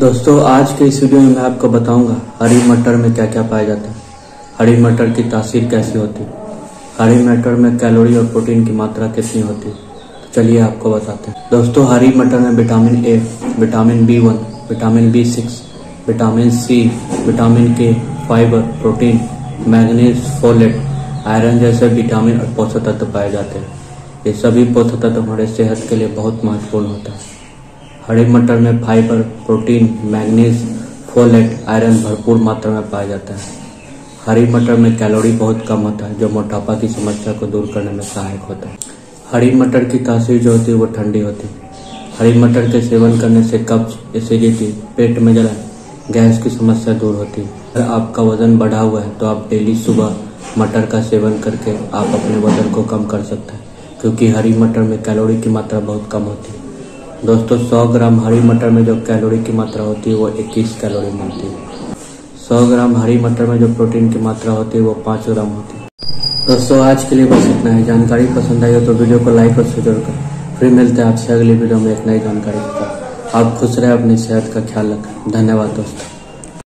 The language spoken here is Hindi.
दोस्तों आज के इस वीडियो में मैं आपको बताऊंगा हरी मटर में क्या क्या पाया जाता है हरी मटर की तासीर कैसी होती है हरी मटर में कैलोरी और प्रोटीन की मात्रा कितनी होती है तो चलिए आपको बताते हैं दोस्तों हरी मटर में vitamin A vitamin B one vitamin B six vitamin C vitamin K fibre protein manganese folate iron जैसे विटामिन और पोषक तत्व पाए जाते हैं ये सभी पोषक तत्व हमारे सेहत के लिए बहुत महत्वपूर्ण होता है हरे मटर में fibre protein manganese folate iron भरपूर मात्रा में पाया जाता है हरी मटर में कैलोरी बहुत कम होता है जो मोटापा की समस्या को दूर करने में सहायक होता है हरी मटर की तासीर जो होती है वो ठंडी होती है हरी मटर के सेवन करने से कब्ज एसिडिटी पेट में जलन गैस की समस्या दूर होती है अगर आपका वजन बढ़ा हुआ है तो आप डेली सुबह मटर का सेवन करके आप अपने वजन को कम कर सकते हैं क्योंकि हरी मटर में कैलोरी की मात्रा बहुत कम होती है दोस्तों 100 ग्राम हरी मटर में जो कैलोरी की मात्रा होती है वो 21 कैलोरी मिलती है 100 ग्राम हरी मटर में जो प्रोटीन की मात्रा होती है वो 5 ग्राम होती है दोस्तों आज के लिए बस इतना ही जानकारी पसंद आई हो तो वीडियो को लाइक और शेयर करें फिर मिलते हैं आपसे अगली वीडियो में एक नई जानकारी आप खुश रहें अपनी सेहत का ख्याल रखें धन्यवाद दोस्तों